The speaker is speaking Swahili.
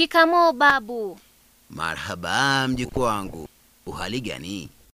Shikamoo babu. Marhaba mjukuu wangu. Uhali gani?